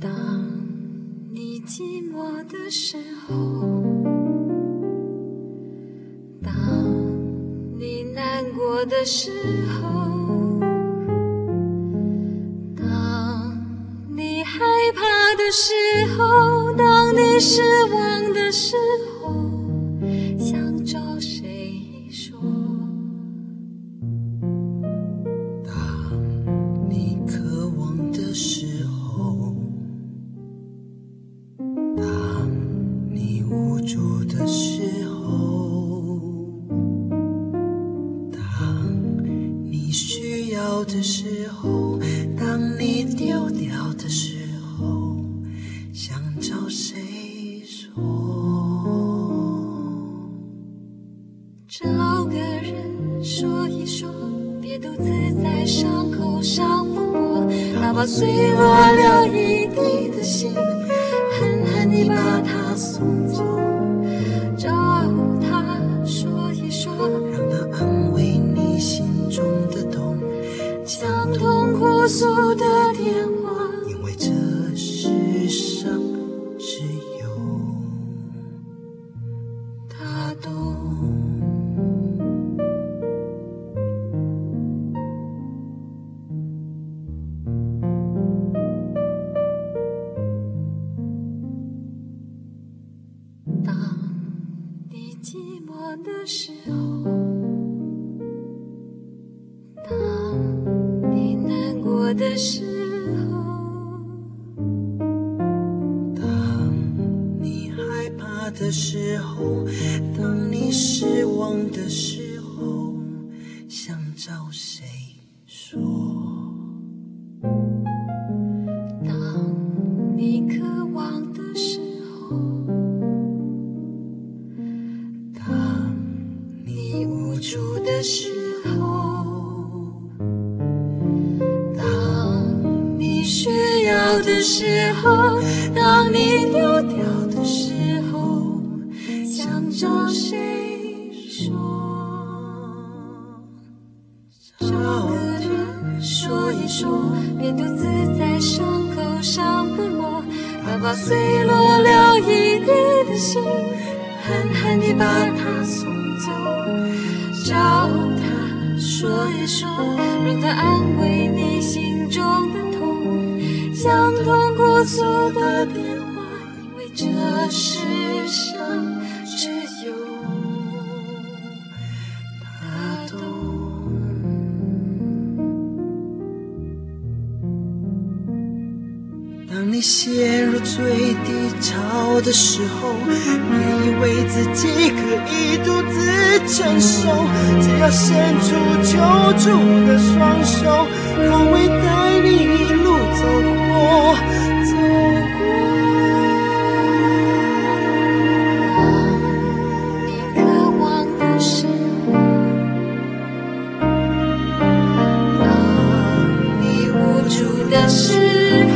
當你寂寞的時候，當你難過的時候，當你害怕的時候，當你失望的時候，當你丟掉的時候，想找誰說？找個人說一說，別獨自在傷口上摸。哪怕碎落了一地。的電話，因為這世上只有他懂。當你寂寞的時候。的時候，當你失望的時候，想找誰說？當你渴望的時候，當你無助的時候，當你需要的時候，當你丟掉，找誰說？找個人說一說，別獨自在傷口上撫摸，打包碎落了一地的心，狠他狠地把它送走。找他說一說，讓他安慰你心中的痛。他講通哭訴的電話，因為這世上只你陷入最低潮的時候，別以為自己可以獨自承受，只要伸出求助的雙手，他會帶你一路走過。走過、啊。當你渴望的時候，當你無助的時，